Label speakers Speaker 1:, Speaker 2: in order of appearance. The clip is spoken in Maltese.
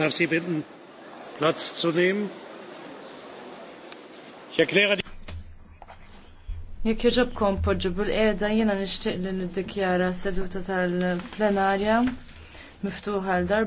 Speaker 1: darf Sie bitten, Platz zu nehmen. Ich erkläre die
Speaker 2: Jekk jġobkom poġġu bil-qeda jiena nixtieq li niddikjara seduta tal-plenarja miftuħa l-darba.